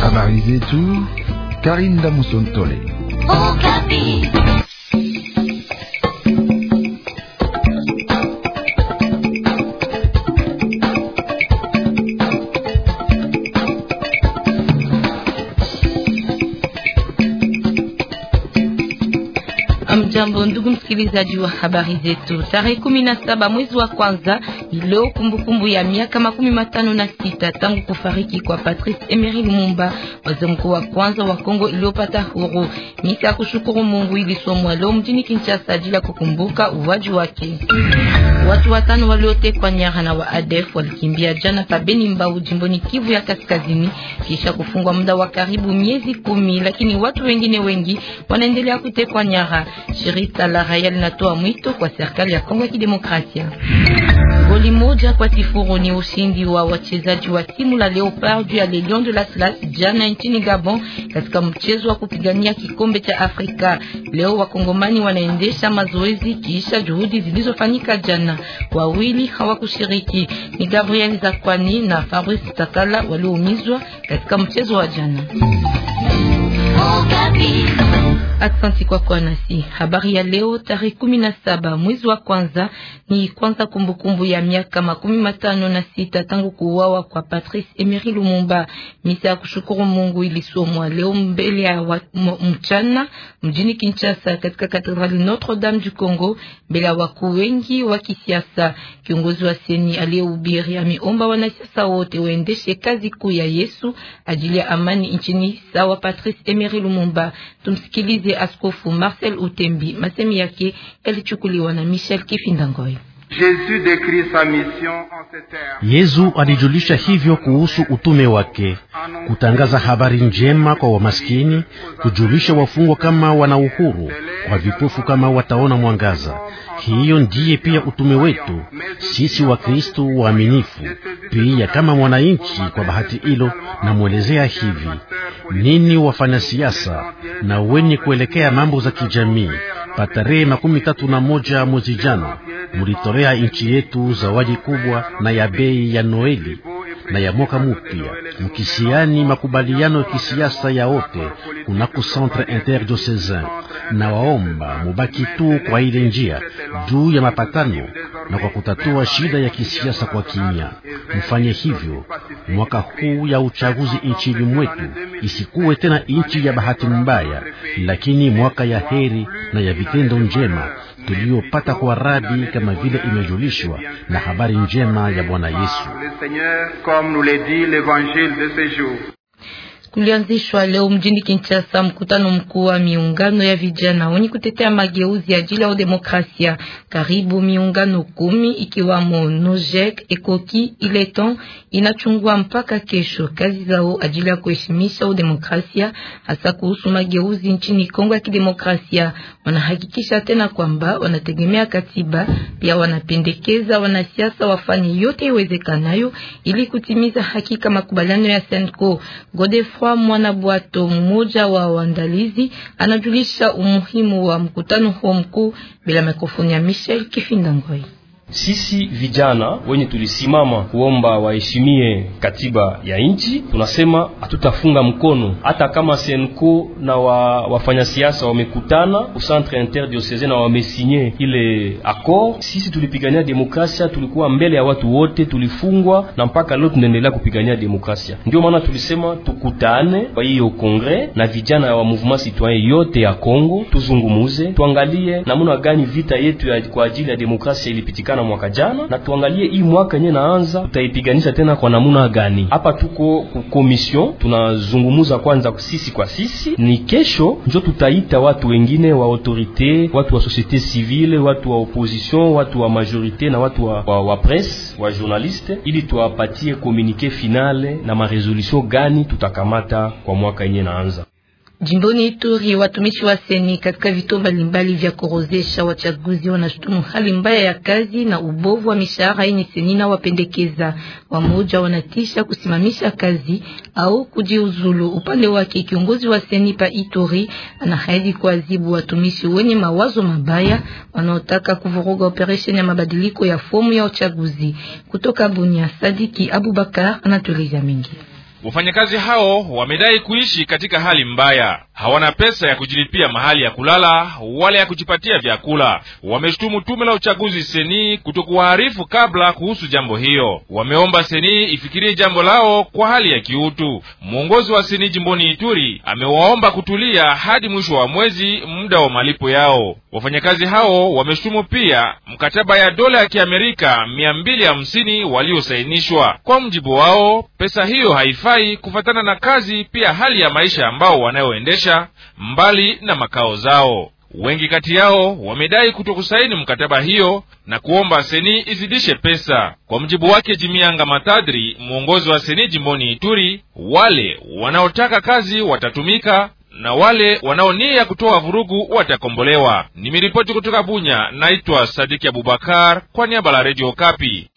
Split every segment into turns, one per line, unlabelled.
Habari zetu Karinda Musontole.
Ujambo ndugu msikilizaji wa habari zetu, tarehe kumi na saba mwezi wa kwanza ileo, kumbukumbu ya miaka makumi matano na sita tangu kufariki kwa Patrice Emery Lumumba, waziri mkuu wa kwanza wa Kongo iliyopata huru. Misa kushukuru Mungu ilisomwa leo mjini Kinshasa ajili ya kukumbuka uwaji wake. Watu watano waliotekwa nyara na wa ADF walikimbia jana pabeni mbau jimboni Kivu ya kaskazini kisha kufungwa muda wa karibu miezi kumi, lakini watu wengine wengi wanaendelea kutekwa nyara shirika la Raia linatoa mwito kwa serikali ya Kongo ya Kidemokrasia. Goli moja kwa sifuru ni ushindi wa wachezaji wa timu la Leopard ya Le Lion de l'Atlas jana nchini Gabon katika mchezo wa kupigania kikombe cha Afrika. Leo wakongomani wanaendesha mazoezi kisha juhudi zilizofanyika jana. Wawili hawakushiriki ni Gabriel Zakwani na Fabrice Takala walioumizwa katika mchezo wa jana. Oh, Asante kwa kwa nasi. Habari ya leo tarehe kumi na saba mwezi wa kwanza ni kwanza kumbukumbu ya miaka makumi matano na sita tangu kuuawa kwa Patrice Emery Lumumba. Misa ya kushukuru Mungu ilisomwa leo mbele ya mchana mjini Kinshasa katika katedrali Notre Dame du Congo mbele ya wakuu wengi wa kisiasa. Kiongozi wa seni aliyehubiri ameomba wanasiasa wote waendeshe kazi kuu ya Yesu ajili ya amani nchini, sawa Patrice Emery Lumumba. Tumsikilize. Askofu Marcel Utembi. Masemi yake yalichukuliwa na Michel Kifindangoyo.
Yesu alijulisha hivyo kuhusu utume wake: kutangaza habari njema kwa wamaskini, kujulisha wafungwa kama wana uhuru, kwa vipofu kama wataona mwangaza. Hiyo ndiye pia utume wetu sisi Wakristo waaminifu. Pia kama mwananchi, kwa bahati hilo namwelezea hivi: nini wafanya siasa na wenye kuelekea mambo za kijamii, pa tarehe makumi tatu na moja mwezi jana mulitolea nchi yetu zawadi kubwa na ya bei ya Noeli na ya mwaka mupya, mkisiani makubaliano ya kisiasa ya wote kunako Centre Interdiocesain, na waomba mubaki tu kwa ile njia juu ya mapatano na kwa kutatua shida ya kisiasa kwa kimya. Mfanye hivyo mwaka huu ya uchaguzi nchini mwetu isikuwe tena nchi ya bahati mbaya, lakini mwaka ya heri na ya vitendo njema tuliopata kwa Rabi, kama vile imejulishwa na habari njema ya Bwana Yesu
kulianzishwa leo mjini Kinshasa mkutano mkuu wa miungano ya vijana wenye kutetea mageuzi ya ajili ya demokrasia. Karibu miungano kumi ikiwamo Nojek, Ekoki, Ileton inachungua mpaka kesho kazi zao ajili ya kuheshimisha demokrasia, hasa kuhusu mageuzi nchini Kongo ya Kidemokrasia. Wanahakikisha tena kwamba wanategemea katiba, pia wanapendekeza wanasiasa wafanye yote iwezekanayo ili kutimiza hakika makubaliano ya Senko Godefroid mwana bwato mmoja wa waandalizi, anajulisha umuhimu wa mkutano huo mkuu bila mikrofoni ya Michel Kifindangoi.
Sisi vijana wenye tulisimama kuomba waheshimie katiba ya nchi, tunasema hatutafunga mkono hata kama senko na wa, wafanyasiasa wamekutana au centre interdiocese na wamesinye ile accord. Sisi tulipigania demokrasia, tulikuwa mbele ya watu wote, tulifungwa na mpaka leo tunaendelea kupigania demokrasia. Ndio maana tulisema tukutane kwa hiyo kongre na vijana wa mouvement citoyen yote ya Kongo, tuzungumuze, tuangalie namna gani vita yetu ya, kwa ajili ya demokrasia ilipitikana na mwaka jana, na tuangalie hii mwaka yenyewe naanza tutaipiganisha tena kwa namuna gani. Hapa tuko ku komision tunazungumuza kwanza sisi kwa sisi, ni kesho njo tutaita watu wengine wa autorite, watu wa societe civile, watu wa opposition, watu wa majorite na watu wa, wa, wa presse wa journaliste, ili tuwapatie communique finale na maresolution gani tutakamata kwa mwaka yenyewe naanza.
Jimboni Ituri, watumishi wa seni katika vituo mbalimbali vya kurozesha wachaguzi wanashutumu hali mbaya ya kazi na ubovu wa mishahara yenye seni na wapendekeza. Wamoja wanatisha kusimamisha kazi au kujiuzulu. Upande wake kiongozi wa seni pa Ituri anahaidi kuadhibu watumishi wenye mawazo mabaya wanaotaka kuvuruga operesheni ya mabadiliko ya fomu ya uchaguzi. Kutoka Bunia, Sadiki Abubakar anatueleza mengi.
Wafanyakazi hao wamedai kuishi katika hali mbaya, hawana pesa ya kujilipia mahali ya kulala wala ya kujipatia vyakula. Wameshutumu tume la uchaguzi seni kutokuwaarifu kabla kuhusu jambo hiyo. Wameomba seni ifikirie jambo lao kwa hali ya kiutu. Mwongozi wa seni jimboni Ituri amewaomba kutulia hadi mwisho wa mwezi, muda wa malipo yao. Wafanyakazi hao wameshutumu pia mkataba ya dola ya Kiamerika mia mbili hamsini waliosainishwa. Kwa mjibu wao, pesa hiyo haifai wanafurahi kufatana na kazi pia hali ya maisha ambao wanayoendesha mbali na makao zao. Wengi kati yao wamedai kutokusaini mkataba hiyo na kuomba seni izidishe pesa. Kwa mjibu wake Jimianga Matadri, mwongozi wa seni jimboni Ituri, wale wanaotaka kazi watatumika na wale wanaonia kutoa vurugu watakombolewa. nimiripoti kutoka Bunya, naitwa Sadiki Abubakar kwa niaba la Redio Kapi.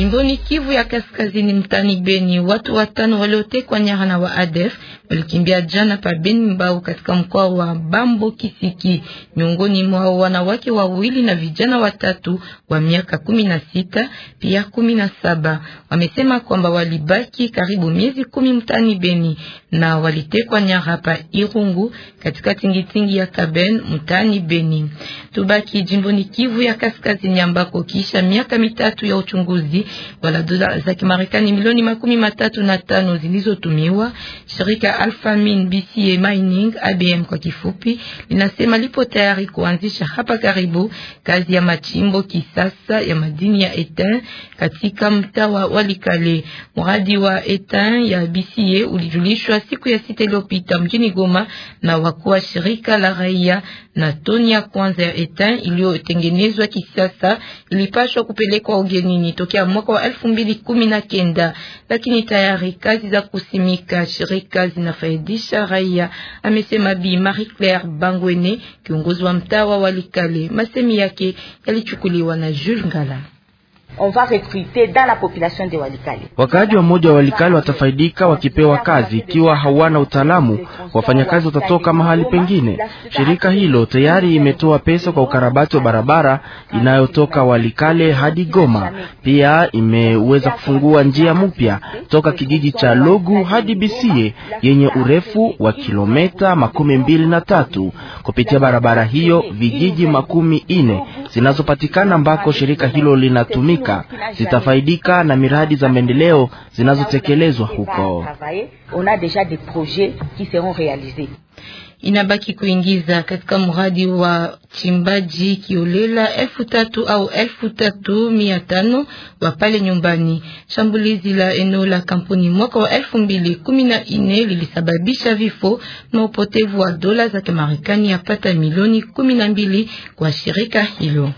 Jimboni Kivu ya Kaskazini, mtani Beni, watu watano waliotekwa nyara na wa ADF walikimbia jana pa Beni Mbau katika mkoa wa Bambo Kisiki. Miongoni mwao wanawake wawili na vijana watatu wa miaka kumi na sita pia kumi na saba wamesema kwamba walibaki karibu miezi kumi mtani Beni na walitekwa nyara pa Irungu katika tingitingi ya Kaben mtani Beni. Tubaki jimboni Kivu ya Kaskazini ambako kisha miaka mitatu ya uchunguzi wala dola za Kimarekani milioni makumi matatu na tano zilizotumiwa shirika Alphamin BCA Mining ABM kwa kifupi, linasema lipo tayari kuanzisha hapa karibu kazi ya machimbo kisasa ya madini ya etin katika mtaa wa Walikale. Mradi wa etin ya BCA ulijulishwa siku ya sita iliyopita mjini Goma na wakuu wa shirika la raia na toni ya kwanza ya etain iliyotengenezwa kisasa ilipashwa kupelekwa ugenini tokea mwaka wa elfu mbili kumi na kenda, lakini tayari kazi za kusimika shirika zinafaidisha raia, amesema Bi Marie Claire Bangwene, kiongozi wa mtawa wa Likale. Masemi yake yalichukuliwa na Jules Ngala.
Wakaaji wa mmoja wa Walikale watafaidika wakipewa kazi. Ikiwa hawana utaalamu, wafanyakazi watatoka mahali pengine. Shirika hilo tayari imetoa pesa kwa ukarabati wa barabara inayotoka Walikale hadi Goma. Pia imeweza kufungua njia mpya toka kijiji cha Logu hadi Bisie yenye urefu wa kilometa makumi mbili na tatu. Kupitia barabara hiyo, vijiji makumi ine zinazopatikana ambako shirika hilo linatumika Afrika zitafaidika na miradi za maendeleo zinazotekelezwa huko.
Inabaki kuingiza katika mradi wa chimbaji kiolela elfu tatu au elfu tatu mia tano wa pale nyumbani. Shambulizi la eneo la kampuni mwaka wa elfu mbili kumi na nne lilisababisha vifo na upotevu wa dola za Kimarekani yapata milioni kumi na mbili kwa shirika hilo.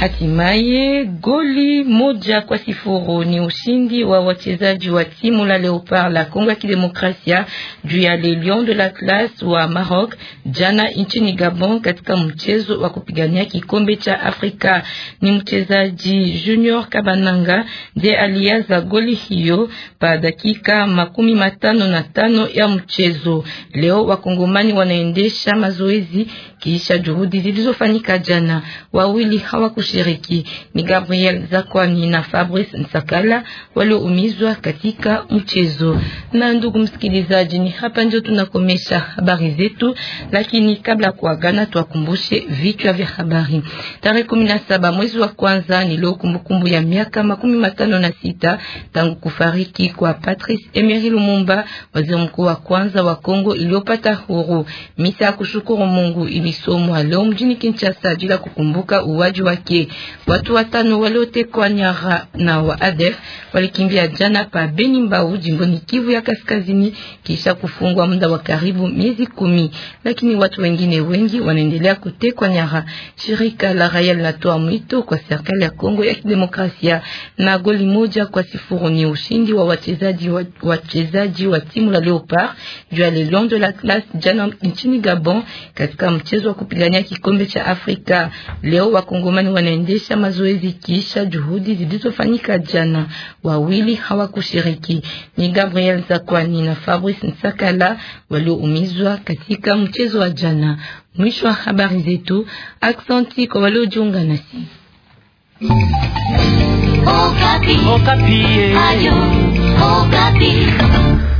Hatimaye goli moja kwa sifuru ni ushindi wa wachezaji wa timu la Leopard la Kongo ya Kidemokrasia juu ya Le Lion de la Classe wa Maroc jana nchini Gabon katika mchezo wa kupigania kikombe cha Afrika. Ni mchezaji Junior Kabananga ndiye aliaza goli hiyo pa dakika makumi matano na tano ya mchezo. Leo wakongomani wanaendesha mazoezi kisha juhudi zilizofanyika jana. Wawili hawaku kushiriki. ni Gabriel Zakwani na Fabrice Nsakala walioumizwa katika mchezo. Na ndugu msikilizaji, ni hapa ndio tunakomesha habari zetu, lakini kabla kuagana, tuwakumbushe vichwa vya habari. Tarehe kumi na saba mwezi wa kwanza ni leo kumbukumbu ya miaka makumi matano na sita tangu kufariki kwa Patrice Emery Lumumba, waziri mkuu wa kwanza wa Kongo iliyopata huru. Misa ya kushukuru Mungu ilisomwa leo mjini Kinshasa bila kukumbuka uwaji wake Lubenge. Watu watano waliotekwa nyara na wa ADF walikimbia jana pa Beni-Mbau jimboni Kivu ya Kaskazini kisha kufungwa muda wa karibu miezi kumi, lakini watu wengine wengi wanaendelea kutekwa nyara. Shirika la raia linatoa mwito kwa serikali ya Kongo ya Kidemokrasia na goli moja kwa sifuru ni ushindi wa wachezaji wa, wachezaji wa timu la Leopard juu ya Lion de l'Atlas jana nchini Gabon katika mchezo wa kupigania kikombe cha Afrika. Leo wakongomani wanaendesha mazoezi kisha juhudi zilizofanyika jana. Wawili hawakushiriki ni Gabriel Zakwani na Fabrice Nsakala walioumizwa katika mchezo wa jana. Mwisho wa habari zetu. Aksanti kwa waliojiunga nasi
Okapi. Okapi. Ayo, Okapi.